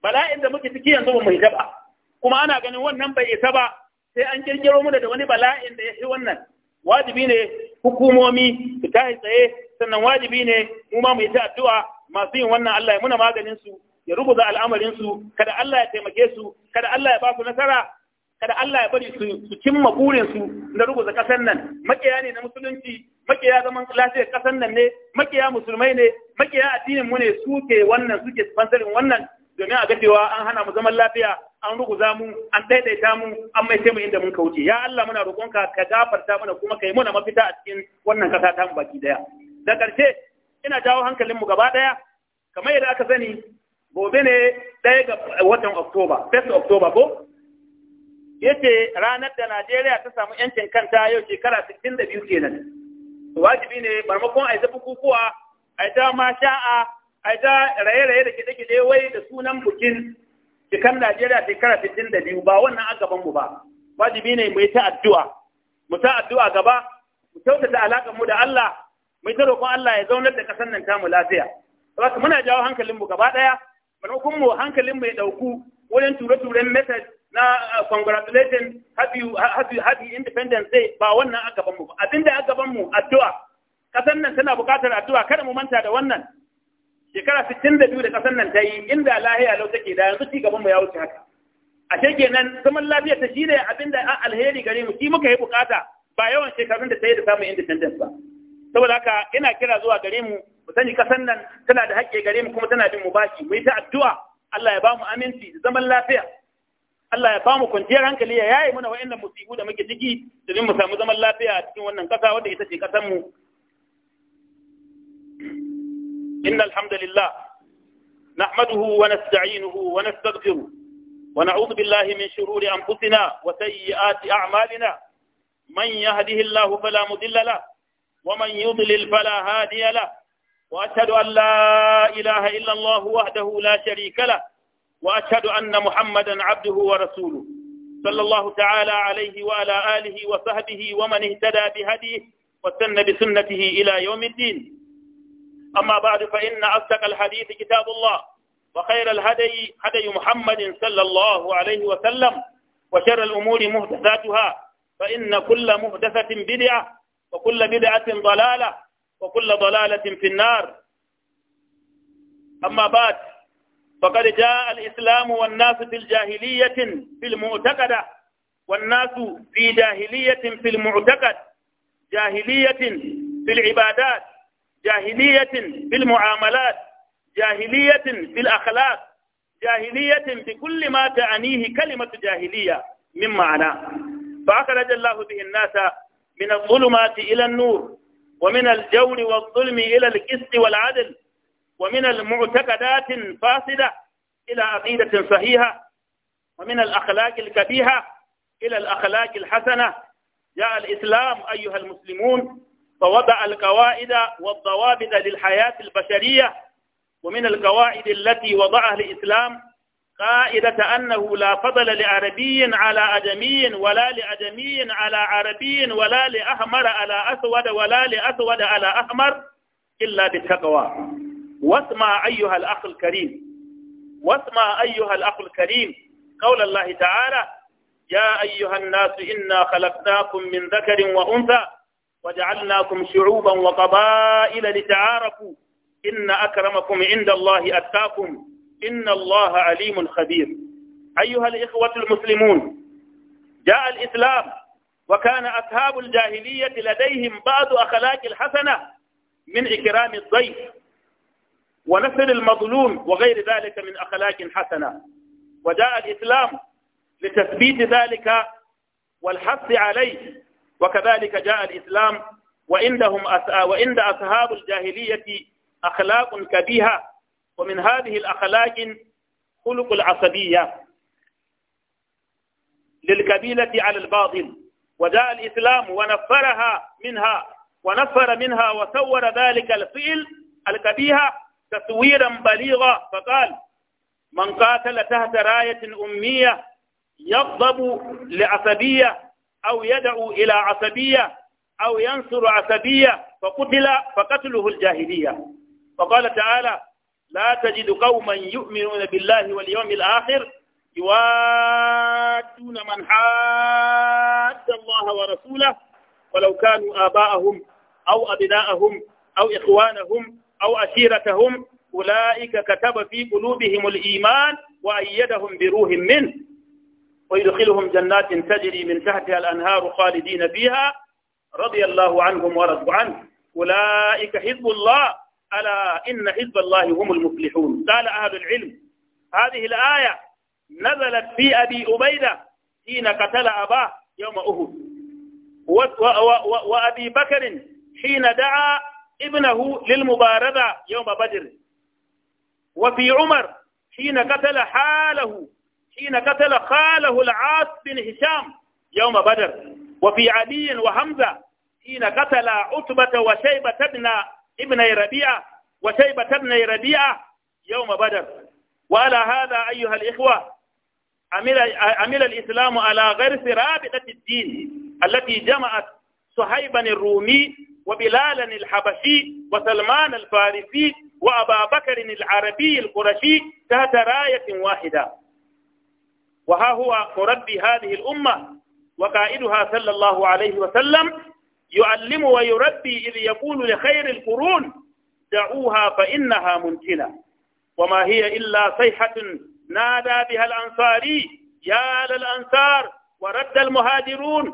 bala'in da muke ciki yanzu ba mu hita ba kuma ana ganin wannan bai isa ba sai an kirkiro mana da wani bala'in da ya yi wannan wajibi ne hukumomi su tashi tsaye sannan wajibi ne mu ma mu yi ta addu'a masu yin wannan Allah ya muna maganin su ya rubuta al'amarin su kada Allah ya taimake su kada Allah ya ba su nasara kada Allah ya bari su cimma su na ruguza ƙasar nan makiya ne na musulunci makiya zaman lafiyar ƙasar nan ne makiya musulmai ne makiya addinin mu ne suke wannan suke fansirin wannan domin a ga an hana mu zaman lafiya an ruguza mu an daidaita mu an mai mu inda mun kauce ya Allah muna roƙonka ka gafarta mana kuma kai muna mafita a cikin wannan kasa ta mu baki daya da ƙarshe ina jawo hankalin mu gaba daya kamar yadda aka sani gobe ne ga watan Oktoba, 1 Oktoba ko yace ranar da Najeriya ta samu yancin kanta yau shekara 62 kenan wajibi ne barmakon a yi bukukuwa a yi ta masha'a a yi ta raye-raye da kide-kide wai da sunan bukin cikan Najeriya shekara 62 ba wannan a gaban mu ba wajibi ne mu yi ta addu'a mu ta addu'a gaba mu kyautata alaƙar mu da Allah mu ta roƙon Allah ya zaunar da ƙasar nan mu lafiya saboda muna jawo hankalin mu gaba ɗaya maimakon mu hankalin mu ya ɗauku wurin ture-turen message na uh, congratulating happy happy happy independence day ba wannan a gaban mu ba abinda a gaban mu addu'a kasan nan tana buƙatar addu'a kada mu manta da wannan shekara 62 da kasan nan ta yi inda lahiya lau take da yanzu ci gaban mu ya wuce haka ashe kenan zaman lafiya ta shine abinda alheri gare mu shi muka yi bukata ba yawan shekarun da ta yi da samun independence ba saboda haka ina kira zuwa gare mu mu sani kasan nan tana da haƙƙi gare mu kuma tana bin mu bashi mu yi ta addu'a Allah ya bamu mu aminci da zaman lafiya Allah ya bamu kwanciyar hankali ya yaye mana wa'annan musibu da muke ciki domin mu samu zaman lafiya a cikin wannan ƙasa wadda ita ce ƙasar mu inna alhamdulillah nahmaduhu wa nasta'inuhu wa nastaghfiruh wa na'udhu billahi min shururi anfusina wa sayyiati a'malina man yahdihillahu fala mudilla lahu ومن يضلل فلا هادي له وأشهد أن لا إله إلا الله وحده لا شريك له وأشهد أن محمدا عبده ورسوله صلى الله تعالى عليه وعلى آله وصحبه ومن اهتدى بهديه واستنى بسنته إلى يوم الدين أما بعد فإن أصدق الحديث كتاب الله وخير الهدي هدي محمد صلى الله عليه وسلم وشر الأمور مهدثاتها فإن كل مهدثة بدعة وكل بدعة ضلالة وكل ضلالة في النار أما بعد فقد جاء الإسلام والناس في الجاهلية في المعتقدة والناس في جاهلية في المعتقد جاهلية في العبادات جاهلية في المعاملات جاهلية في الأخلاق جاهلية في كل ما تعنيه كلمة جاهلية من معنى فأخرج الله به الناس من الظلمات إلى النور ومن الجور والظلم إلى القسط والعدل ومن المعتقدات الفاسدة إلى عقيدة صحيحة ومن الأخلاق الكبيهة إلى الأخلاق الحسنة جاء الإسلام أيها المسلمون فوضع القواعد والضوابط للحياة البشرية ومن القواعد التي وضعها الإسلام قائدة أنه لا فضل لعربي على أجمي ولا لأجمي على عربي ولا لأحمر على أسود ولا لأسود على أحمر إلا بالتقوى واسمع أيها الأخ الكريم واسمع أيها الأخ الكريم قول الله تعالى يا أيها الناس إنا خلقناكم من ذكر وأنثى وجعلناكم شعوبا وقبائل لتعارفوا إن أكرمكم عند الله أتقاكم إن الله عليم خبير أيها الإخوة المسلمون جاء الإسلام وكان أصحاب الجاهلية لديهم بعض أخلاق الحسنة من إكرام الضيف ونسل المظلوم وغير ذلك من أخلاق حسنة وجاء الإسلام لتثبيت ذلك والحث عليه وكذلك جاء الإسلام وعندهم وعند أصحاب الجاهلية أخلاق كبيهة ومن هذه الأخلاق خلق العصبية للكبيلة على الباطل وجاء الإسلام ونفرها منها ونفر منها وصور ذلك الفعل الكبيهة تصويرا بليغا فقال من قاتل تحت راية أمية يغضب لعصبية أو يدعو إلى عصبية أو ينصر عصبية فقتل فقتله الجاهلية وقال تعالى لا تجد قوما يؤمنون بالله واليوم الآخر يوادون من حاد الله ورسوله ولو كانوا آباءهم أو أبناءهم أو إخوانهم أو أسيرتهم أولئك كتب في قلوبهم الإيمان وأيدهم بروح منه ويدخلهم جنات تجري من تحتها الأنهار خالدين فيها رضي الله عنهم ورضوا عنه أولئك حزب الله ألا إن حزب الله هم المفلحون قال أهل العلم هذه الآية نزلت في أبي أبيدة حين قتل أباه يوم أهد وأبي بكر حين دعا ابنه للمبارزة يوم بدر وفي عمر حين قتل حاله حين قتل خاله العاص بن هشام يوم بدر وفي علي وحمزة حين قتل عتبة وشيبة ابن ابن ربيعة وشيبة ابن ربيعة يوم بدر وعلى هذا أيها الإخوة عمل, عمل الإسلام على غرس رابطة الدين التي جمعت صهيبا الرومي وبلالا الحبشي وسلمان الفارسي وأبا بكر العربي القرشي تحت راية واحدة وها هو مربي هذه الأمة وقائدها صلى الله عليه وسلم يعلم ويربي إذ يقول لخير القرون دعوها فإنها منتنة وما هي إلا صيحة نادى بها الأنصاري يا للأنصار ورد المهاجرون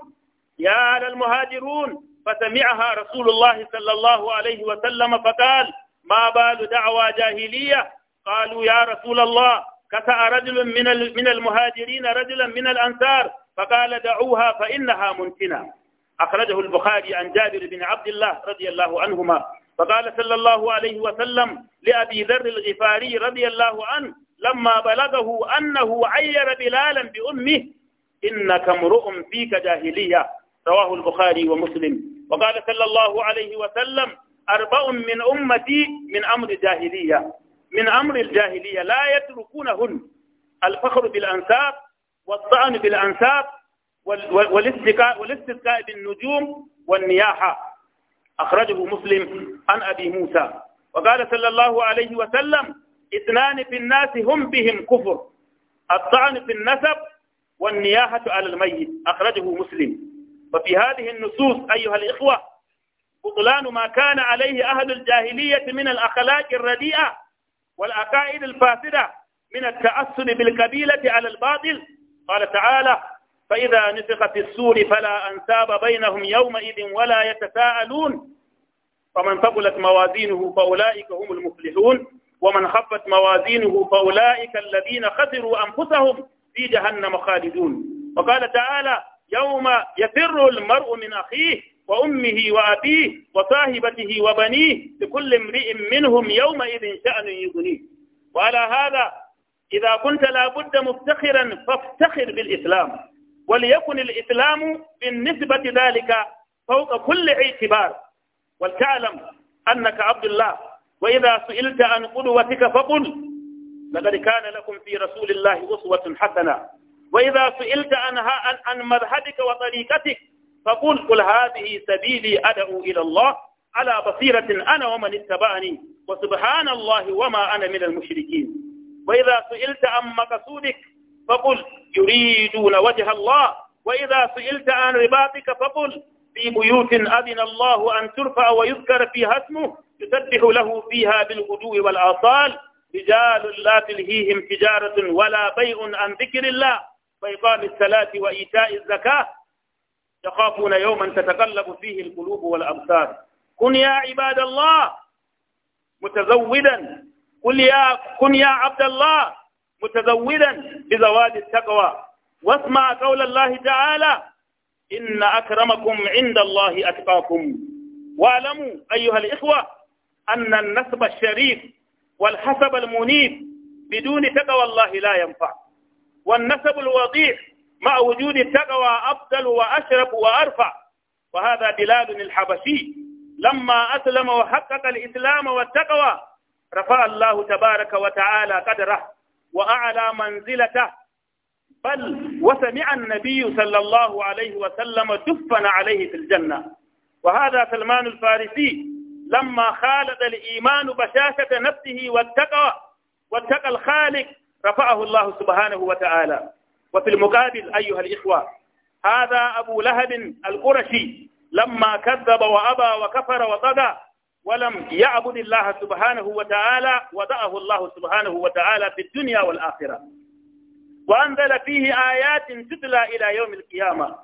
يا للمهاجرون فسمعها رسول الله صلى الله عليه وسلم فقال ما بال دعوى جاهلية قالوا يا رسول الله كسأ رجل من من المهاجرين رجلا من الأنصار فقال دعوها فإنها منتنة أخرجه البخاري عن جابر بن عبد الله رضي الله عنهما فقال صلى الله عليه وسلم لأبي ذر الغفاري رضي الله عنه لما بلغه أنه عير بلالا بأمه إنك امرؤ فيك جاهلية رواه البخاري ومسلم وقال صلى الله عليه وسلم أربع من أمتي من أمر جاهلية من أمر الجاهلية لا يتركونهن الفخر بالأنساب والطعن بالأنساب والاستسقاء بالنجوم والنياحة أخرجه مسلم عن أبي موسى وقال صلى الله عليه وسلم اثنان في الناس هم بهم كفر الطعن في النسب والنياحة على الميت أخرجه مسلم ففي هذه النصوص أيها الإخوة بطلان ما كان عليه أهل الجاهلية من الأخلاق الرديئة والعقائد الفاسدة من التأثر بالقبيلة على الباطل قال تعالى فإذا نفخ في السور فلا أنساب بينهم يومئذ ولا يتساءلون فمن ثقلت موازينه فأولئك هم المفلحون ومن خفت موازينه فأولئك الذين خسروا أنفسهم في جهنم خالدون وقال تعالى يوم يفر المرء من أخيه وأمه وأبيه وصاحبته وبنيه لكل امرئ منهم يومئذ شأن يغنيه وعلى هذا إذا كنت لابد مفتخرا فافتخر بالإسلام وليكن الإسلام بالنسبة ذلك فوق كل اعتبار ولتعلم أنك عبد الله وإذا سئلت عن قدوتك فقل لقد كان لكم في رسول الله أسوة حسنة وإذا سئلت عن عن مذهبك وطريقتك فقل قل هذه سبيلي أدعو إلى الله على بصيرة أنا ومن اتبعني وسبحان الله وما أنا من المشركين وإذا سئلت عن مقصودك فقل يريدون وجه الله وإذا سئلت عن رباطك فقل في بيوت أذن الله أن ترفع ويذكر فيها اسمه يسبح له فيها بالغدو والآصال رجال لا تلهيهم تجارة ولا بيع عن ذكر الله وإقام الصلاة وإيتاء الزكاة يخافون يوما تتقلب فيه القلوب والأبصار كن يا عباد الله متزودا قل يا كن يا عبد الله متزودا بزوال التقوى واسمع قول الله تعالى إن أكرمكم عند الله أتقاكم واعلموا أيها الإخوة أن النسب الشريف والحسب المنيب بدون تقوى الله لا ينفع والنسب الوضيح مع وجود التقوى أفضل وأشرف وأرفع وهذا بلال الحبشي لما أسلم وحقق الإسلام والتقوى رفع الله تبارك وتعالى قدره وأعلى منزلته بل وسمع النبي صلى الله عليه وسلم دفن عليه في الجنة وهذا سلمان الفارسي لما خالد الإيمان بشاشة نفسه والتقوى والتقى الخالق رفعه الله سبحانه وتعالى وفي المقابل أيها الإخوة هذا أبو لهب القرشي لما كذب وأبى وكفر وطغى ولم يعبد الله سبحانه وتعالى ودعه الله سبحانه وتعالى في الدنيا والآخرة وأنزل فيه آيات تتلى إلى يوم القيامة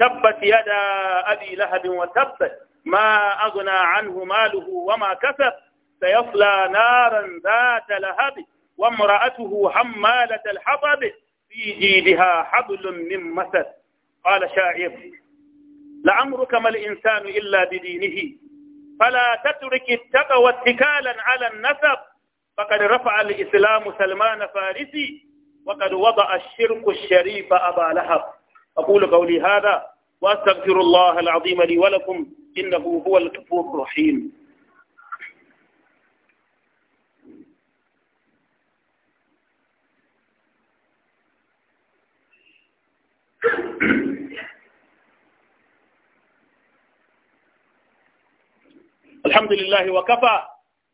تبت يدا أبي لهب وتبت ما أغنى عنه ماله وما كسب سيصلى نارا ذات لهب وامرأته حمالة الحطب في جيدها حبل من مسد قال شاعر لعمرك ما الإنسان إلا بدينه فلا تترك التقوى اتكالا على النسب فقد رفع الإسلام سلمان فارسي وقد وضع الشرك الشريف أبا لهب أقول قولي هذا وأستغفر الله العظيم لي ولكم إنه هو الغفور الرحيم الحمد لله وكفى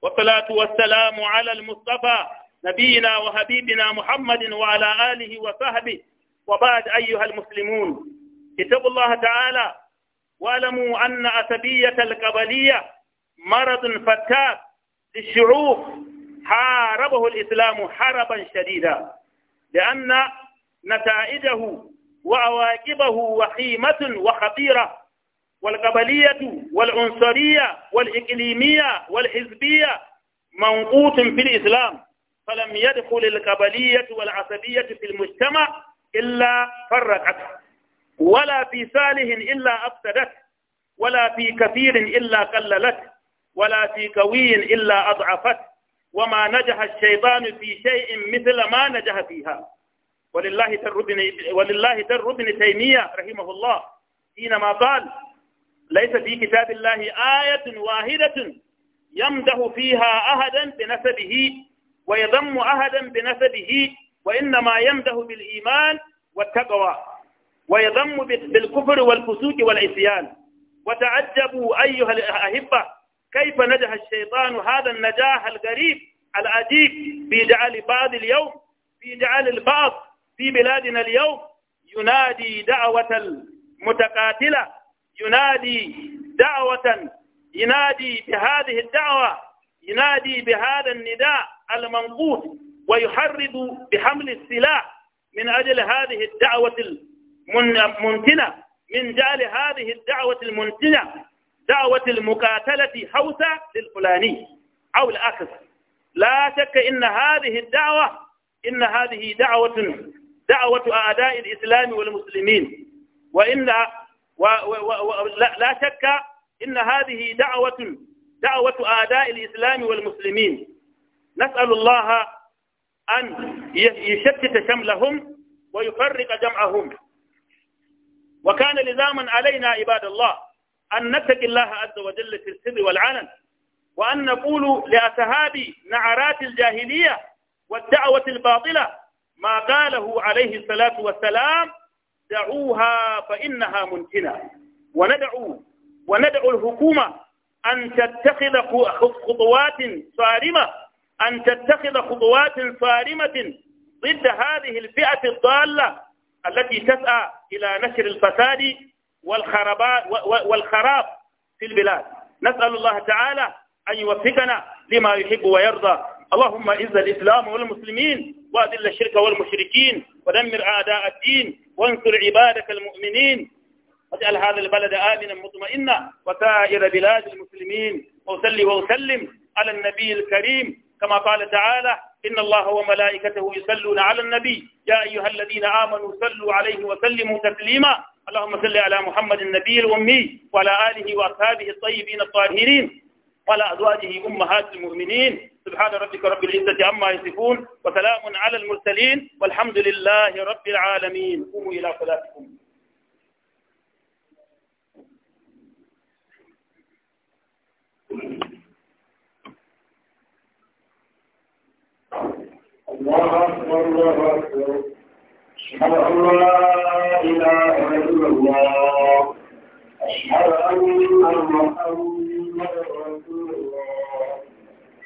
والصلاة والسلام على المصطفى نبينا وحبيبنا محمد وعلى آله وصحبه وبعد أيها المسلمون اتقوا الله تعالى واعلموا أن أسبية القبلية مرض فتاك للشعوب حاربه الإسلام حربا شديدا لأن نتائجه وعواقبه وخيمة وخطيرة والقبلية والعنصرية والإقليمية والحزبية منقوط في الإسلام فلم يدخل القبلية والعصبية في المجتمع إلا فرقت ولا في ساله إلا أفسدته ولا في كثير إلا قللته ولا في قوي إلا أضعفته وما نجح الشيطان في شيء مثل ما نجح فيها ولله در ابن ولله در ابن تيمية رحمه الله حينما قال ليس في كتاب الله آية واحدة يمدح فيها أحدا بنسبه ويذم أحدا بنسبه وإنما يمدح بالإيمان والتقوى ويذم بالكفر والفسوق والعصيان وتعجبوا أيها الأحبة كيف نجح الشيطان هذا النجاح الغريب العجيب في جعل بعض اليوم في جعل البعض في بلادنا اليوم ينادي دعوة المتقاتلة ينادي دعوة ينادي بهذه الدعوة ينادي بهذا النداء المنقوط ويحرض بحمل السلاح من أجل هذه الدعوة المنتنة من جعل هذه الدعوة المنتنة دعوة المقاتلة حوث للفلاني أو الأخذ لا شك إن هذه الدعوة إن هذه دعوة دعوة أعداء الإسلام والمسلمين وإن ولا لا شك إن هذه دعوة دعوة أعداء الإسلام والمسلمين نسأل الله أن يشتت شملهم ويفرق جمعهم وكان لزاما علينا عباد الله أن نتقي الله عز وجل في السر والعلن وأن نقول لأصحاب نعرات الجاهلية والدعوة الباطلة ما قاله عليه الصلاة والسلام دعوها فإنها منتنة وندعو وندعو الحكومة أن تتخذ خطوات صارمة أن تتخذ خطوات صارمة ضد هذه الفئة الضالة التي تسعى إلى نشر الفساد والخراب في البلاد نسأل الله تعالى أن يوفقنا لما يحب ويرضى اللهم إذ الإسلام والمسلمين وأذل الشرك والمشركين ودمر أعداء الدين وانصر عبادك المؤمنين واجعل هذا البلد آمنا مطمئنا وسائر بلاد المسلمين وصلي وسلم على النبي الكريم كما قال تعالى إن الله وملائكته يصلون على النبي يا أيها الذين آمنوا صلوا عليه وسلموا تسليما اللهم صل على محمد النبي الأمي وعلى آله وأصحابه الطيبين الطاهرين وعلى أزواجه أمهات المؤمنين سبحان ربك رب العزة عما يصفون وسلام على المرسلين والحمد لله رب العالمين قوموا إلى صلاتكم الله أكبر الله أكبر أشهد أن لا إله إلا الله أشهد أن محمدا رسول الله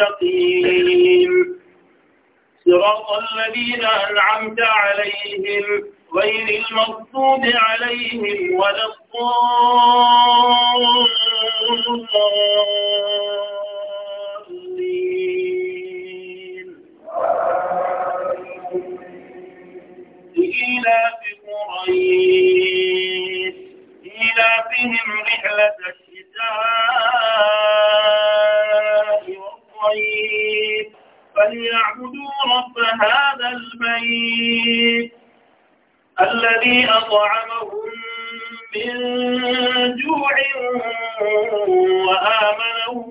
المستقيم صراط الذين أنعمت عليهم غير المغضوب عليهم ولا الضالين إيلاف قريش إيلافهم رحلة الشتاء فليعبدوا رب هذا البيت الذي أطعمهم من جوع وآمنهم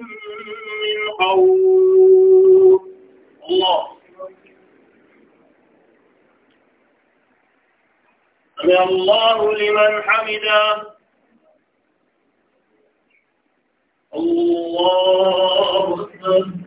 من خوف الله سمع الله لمن حمده الله أكبر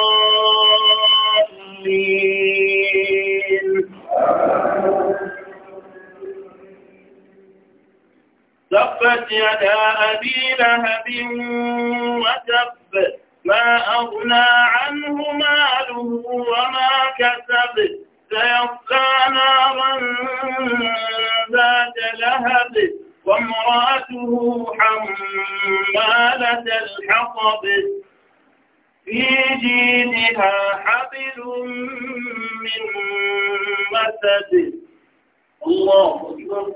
تبت يدا أبي لهب وتب ما أغنى عنه ماله وما كسب سيصلى نارا ذات لهب وامرأته حمالة الحطب في جيدها حبل من مسد الله أكبر